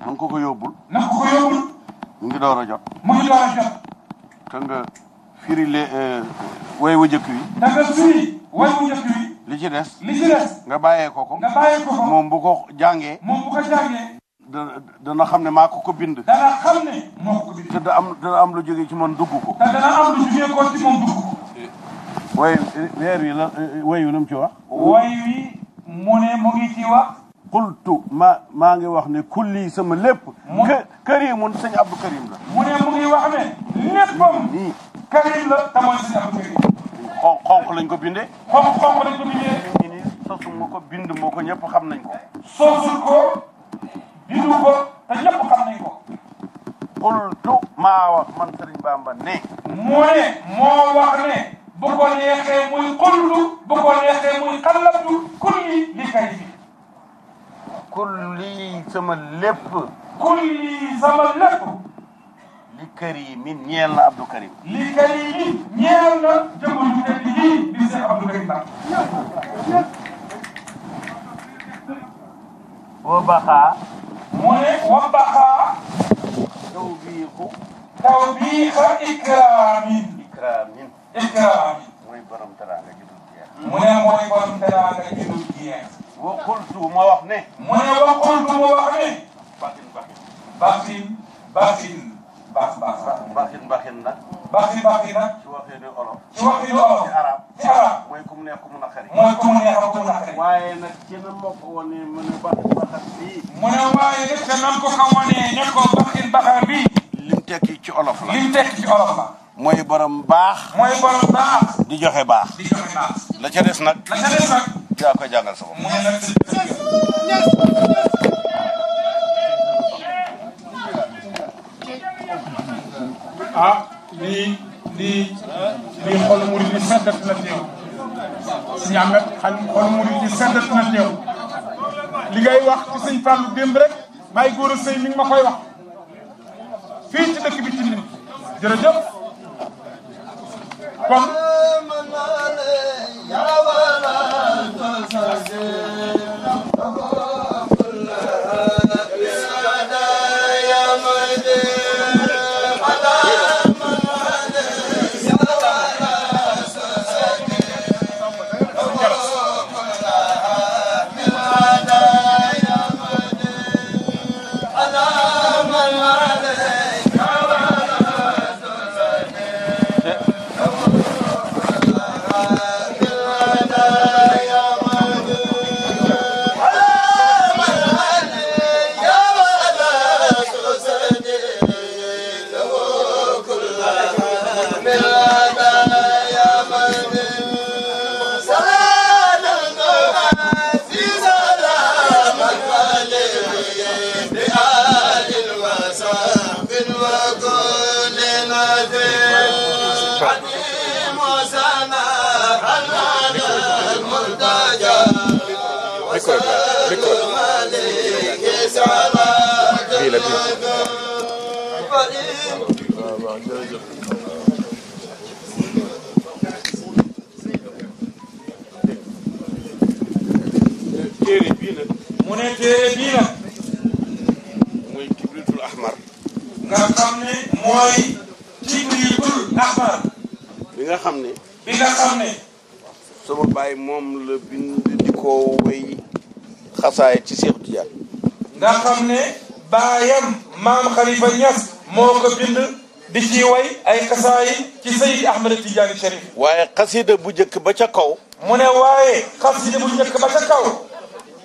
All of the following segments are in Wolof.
na nga ko ko yóbbul. na ko ko yóbbul. mu ngi door a jot. mu ngi door eh, wu njëkk wi. te ci des. li nga bàyyee ko ko. nga bàyyee ko ko moom bu ko moom bu ko jàngee. dana xam ne maa ko ko bind. dana xam ne moo ko ko lu jógee ci man dugg ko. te dana am moom dugg ko. way eh, weer wi eh, way wi lu ci wax. way wi mu ne mu ngi ci wax. qultu ma maa ngi wax ne kulli sama lépp. mu karimun sëñ Abdou Karim la. mu ne mu ngi wax ne léppam. Karim la tamoon sëñ Abdou Karim. xon xonq lañ ko bindee. xonq xonq lañ ko bindee. ñu ni sosu ma ko bind ma ko ñëpp xam nañ ko. sosu ko bindu ko te ñëpp xam nañ ko. qultu maa wax man Sëriñ Bamba ne. moo ne moo wax ne. bu ko neexee muy qultu bu ko neexee muy xalatu kulli li Karim. kulli sama lépp. kulli sama lépp. li karimin ñeel na Abdou Karim. li karimin ñeel na jëmm ju tedd lii di Seex Abdou Karim Mbacké. wa baxaa. mu ne wa baxaa. tawbiixu. tawbiixa ikraamin. ikraamin. ikraamin. mooy borom teraanga ju dul jeex. mu ne mooy borom teraanga ju dul jeex. wa qultu ma wax ne. mu ne waaye nag te nan ko ko wanee ne ko Baxin Baxar bi lim tekki ci olof la lim tekki ci olof la. mooy borom baax. mooy borom baax. di joxe baax. di joxe baax. la ca des nag. la ca des nag. yaa koy jàngal sa bopp. mu ne nag ah lii lii lii xol murid yi seddat na teew. si Ahmed xol murid yi seddat na teew. li ngay wax ci sëñ Fallou démb rek may góor a sëy ma koy wax fii ci dëkk bi ci nit jërëjëf kon waaw waaw jërëjëf. mu ne téere bii nag. kibritul ahmar. nga xam ne mooy. kibritul ahmar. bi nga xam ne. bi moom la di ko way xasaay ci Seex Tijaan. nga xam ne. baayam maam Xalifa Ñas moo ko bind di ci way ay xasaayi ci Seydi Ahmed Tidiane Cherif waaye xasida bu njëkk ba ca kaw mu ne waaye xasida bu njëkk ba ca kaw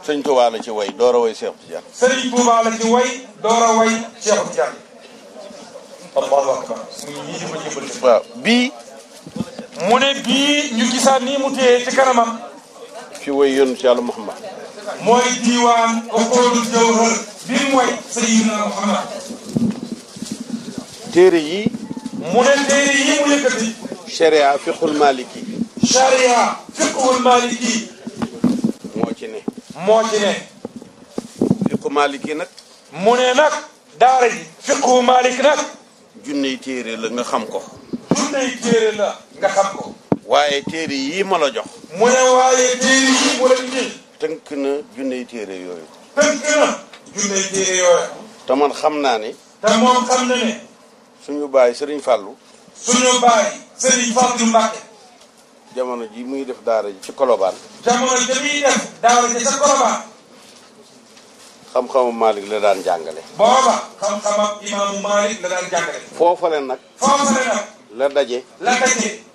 sëñ Tuubaa ci way door a way Cheikh Tidiane sëriñ Tuubaa ci way door way Cheikh Tidiane ko jëbal waaw bii mu ne bii ñu gisaat nii mu téye ci kanamam fi way yónni ci yàlla Muhammad mooy diiwaan ko xoolu jawhar bi mu way Seydina Muhammad téere yi mu ne téere yi mu yëkkati sharia fiqul maliki sharia fiqul maliki moo ci ne moo ci ne fiqu maliki nag mu ne nag daara ji fiqu malik nag junney téere la nga xam ko junney téere la nga xam ko waaye téere yii ma la jox mu ne waaye téere yii mu la téere yooyu tënk xam naa ne te xam na ne suñu baay sëriñ Fallou. suñu baay sëriñ Fallou Mbacke. jamono ji muy def daara ji ci Colobane. jamono ji muy def daara ji la daan jàngale. booba xam-xamam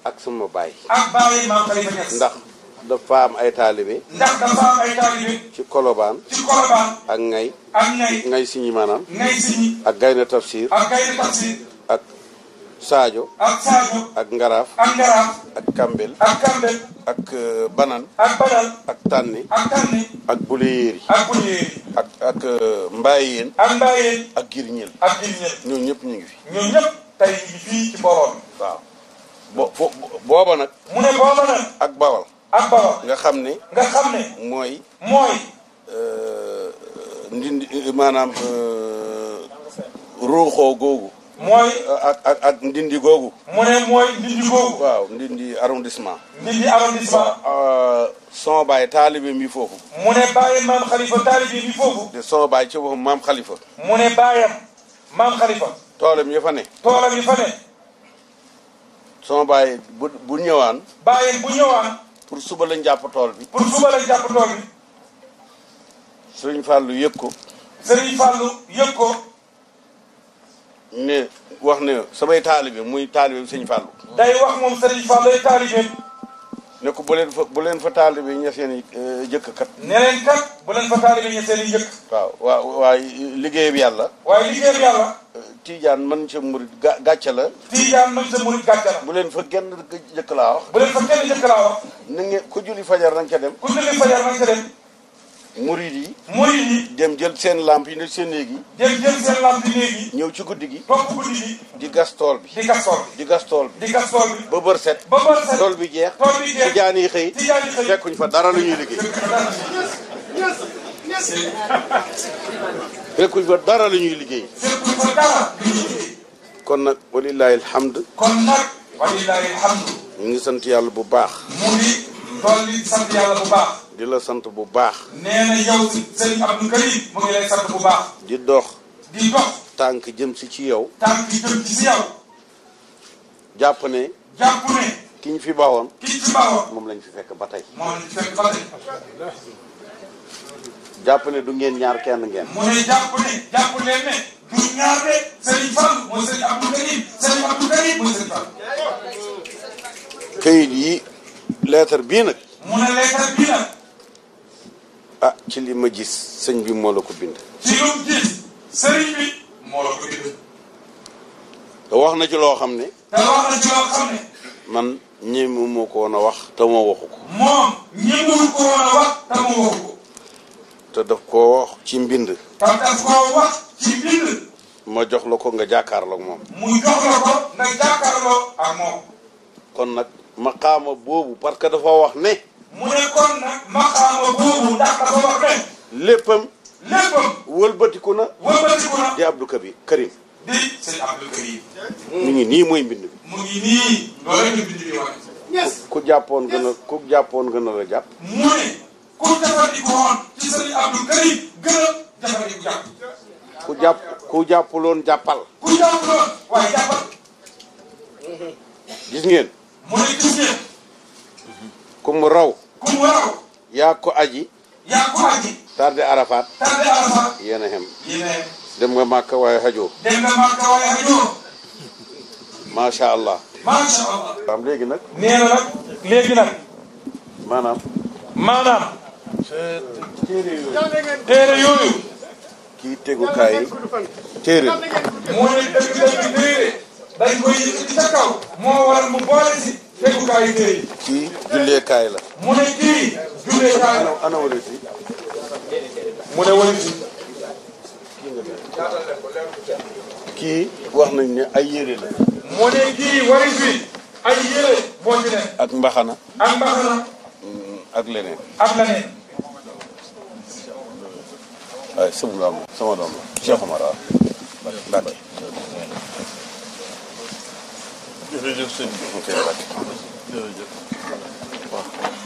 ak sama baay. ak ci Colobane. ci Colobane. ak ngay. ak siñi maanaam. ngay siñi. ak gaynde tafsir. Sadio. ak Sadio. ak Ngaraaf. ak Ngaraaf. ak Kambel. ak Banan. ak euh, Banan. ak Tànni. ak Tànni. ak Buleyeeri. ak Buleyeeri. ak ak euh, ak Mbaayeen. ak Girñel. ak ñëpp ñu ngi fi. ñooñu bo bo booba nag. mu ne ak Bawal. ak Bawal. nga xam ne. nga xam ne. mooy. mooy. Euh, ndindi maanaam. mooy. ak ak ak ndindi googu. mu ne mooy ndindi googu. waaw ndindi arrondissement. ndindi arrondissement. Euh, son baay taalibe mi foofu. mu ne baayam maam xalifa taalibe mi foofu. de son baay ci boppam maam xalifa. mu ne baayam maam xalifa. toolam yi fa ne. toolam yi fa ne. son bu bu ñëwaan. baayam bu ñëwaan. pour suba lañ jàpp tool bi. pour suba lañ ko. Sëriñ Fallou yëg ko. ne wax ne samay taalibe muy taalibe sëñ Fallou. day wax moom sëriñ Fallou ay taalibeem. ne ko bu leen fa bu leen fa taalibe ñeseen yi eh, jëkk kat. ne leen kat bu leen fa taalibe ñeseen yi jëkk. waaw waaw waaye liggéeyam yàlla. waaye liggéeyam yàlla. Eh, Tidiane man sa murit ga gàcce la. Tidiane man sa murit gàcce bu leen fa genn jëkk laa wax. bu leen jëkk laa wax. ku julli fajar na nga dem. ku julli fajar na nga dem. murid yi. murid yi. dem jël seen lamp yi ne seen néeg yi. dem jël seen lamp yi néeg yi. ñëw ci guddi gi. topp guddi gi. di gas tool bi. di gas tool bi di gas tool bi. di gas tool bi. ba bër set. ba bër set tool bi jeex. tool bi jeex ci jaan yi xëy. ci jaan yi xëy fekkuñ fa dara lu ñuy liggéey. fekkuñ fa dara lu ñuy liggéey. fekkuñ fa dara lu ñuy liggéey. kon nag walillahi alhamd. kon nag walillahi alhamd. ñu ngi sant yàlla bu baax. mu ngi tool yi sant yàlla bu baax. di la sant bu baax. nee na yow si sëñ Abdou Karim mu ngi lay sant bu baax. di dox. di dox. tànk jëm si ci yow. tànk jëm si ci yow. jàpp ne. jàpp ne. ki ñu fi baaxoon. ki ñu fi baaxoon. moom lañ fi fekk ba tey. moom lañ fi fekk ba tey. jàpp ne du ngeen ñaar kenn ngeen. mu ne jàpp ne jàpp leen ne du ñaar de Serigne Fall mooy Serigne Abdou Karim Serigne Abdou Karim mooy Serigne Fall. këyit yi leetar bii nag. mu ne leetar bii nag. ah ci li ma gis sëñ bi moo ko bind. ci lu mu gis bi moo ko bind. te wax na ci loo xam ne. man ñeemu moo ko woon a wax te moo waxu ko. moom ko woon wax te moo ko. te daf ko wax ci bind te daf koo wax ci mbind. ma jox la ko nga jàkkaarloo ak moom. mu jox la ko nga jàkkaarloo ak moom. kon nag maqaama boobu parce que dafa wax ne. mu ne na. wëlbatiku di Abdou Kabi Karim. mu ngi nii mooy mbind bi. mu ngi nii. loolu la mbind bi wax. ku jàppoon gën a ku jàppoon gën jàpp. mu ne ku jafandikoo woon ci sëñ Abdou Karim gën ku jàpp ku jàppuloon jàppal. ku jàppuloon ngeen. ku mu raw ku aji tarde arafat tarde arafat yéen a xem yéen a nga màkka waaye allah macha allah am léegi nag nee na nag léegi nag kii tegukaay yi téere moo moo waral mu boole fekkukaayu téere yi. la. mu ne kii julleekaay la. ana wala si. mu ne wala si. kii wax nañ ne ay yére la. mu ne kii wari fi ay yére moo ci ne. ak mbaxana. ak mbaxana. Mm, ak leneen. ak leneen. ay sëñ bi sama doom la Cheikh Omar Mbacke. jërëjëf sëñ bi jërëjëf waaw